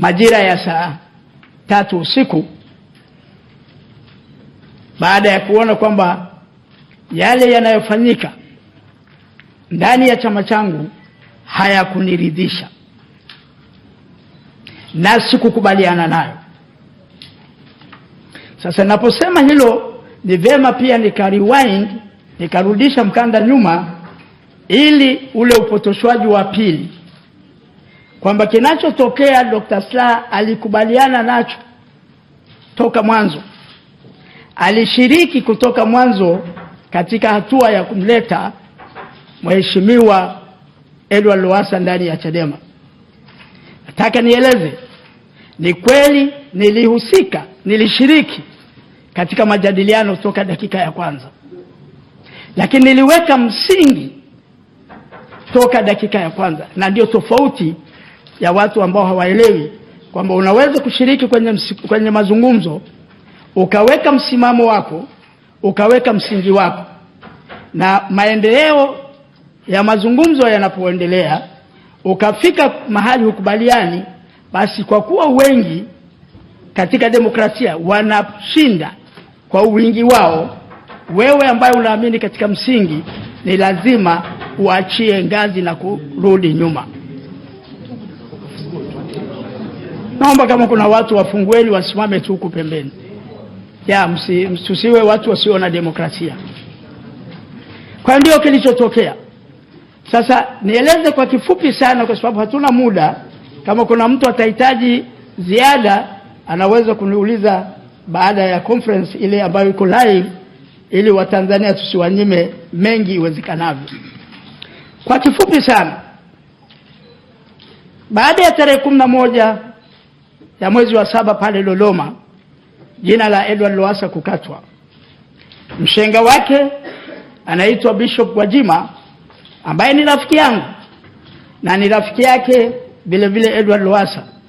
majira ya saa tatu usiku baada ya kuona kwamba yale yanayofanyika ndani ya chama changu hayakuniridhisha na sikukubaliana nayo. Sasa naposema hilo, ni vema pia nikariwind, nikarudisha mkanda nyuma, ili ule upotoshwaji wa pili kwamba kinachotokea Dr. Slaa alikubaliana nacho toka mwanzo, alishiriki kutoka mwanzo katika hatua ya kumleta Mheshimiwa Edward Lowassa ndani ya Chadema. Nataka nieleze, ni kweli nilihusika, nilishiriki katika majadiliano toka dakika ya kwanza, lakini niliweka msingi toka dakika ya kwanza, na ndio tofauti ya watu ambao hawaelewi kwamba unaweza kushiriki kwenye, msi, kwenye mazungumzo ukaweka msimamo wako ukaweka msingi wako, na maendeleo ya mazungumzo yanapoendelea ukafika mahali hukubaliani, basi kwa kuwa wengi katika demokrasia wanashinda kwa wingi wao, wewe ambaye unaamini katika msingi ni lazima uachie ngazi na kurudi nyuma. Naomba kama kuna watu wafungueni, wasimame tu huku pembeni ya msi, tusiwe watu wasio na demokrasia. Kwa ndio kilichotokea. Sasa nieleze kwa kifupi sana, kwa sababu hatuna muda. Kama kuna mtu atahitaji ziada, anaweza kuniuliza baada ya conference ile ambayo iko live, ili Watanzania tusiwanyime mengi iwezekanavyo. Kwa kifupi sana, baada ya tarehe kumi na moja ya mwezi wa saba pale Loloma, jina la Edward Lowassa kukatwa. Mshenga wake anaitwa Bishop Gwajima ambaye ni rafiki yangu na ni rafiki yake vile vile Edward Lowassa.